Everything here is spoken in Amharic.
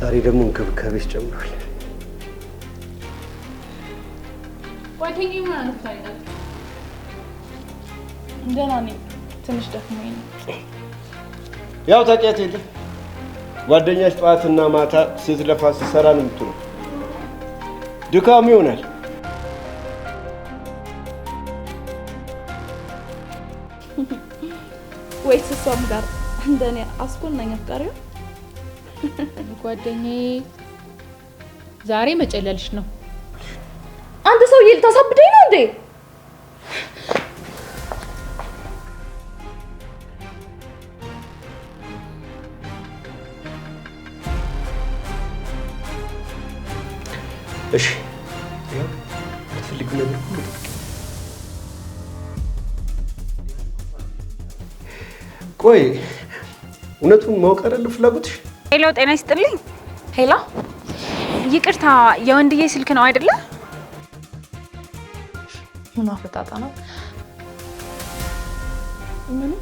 ዛሬ ደግሞ እንክብካቤሽ ጨምሯል። ደህና ነኝ፣ ትንሽ ደክሞኝ ነው። ያው ታውቂያት የለ ጓደኛሽ ጠዋትና ማታ ስትለፋ ስትሰራ ነው የምትውለው። ድካሙ ይሆናል። ወይስ እሷም ጋር እንደኔ አስኮናኝ አፍቃሪው ጓደኛዬ ዛሬ መጨለልሽ ነው። አንተ ሰውዬ ልታሳብደኝ ነው እንዴ? እሺ ትፈልግ ቆይ፣ እውነቱን ማወቅ ፍላጎትሽ ሄሎ፣ ጤና ይስጥልኝ። ሄሎ፣ ይቅርታ የወንድዬ ስልክ ነው አይደለ? ምን አፈጣጣ ነው? ምንም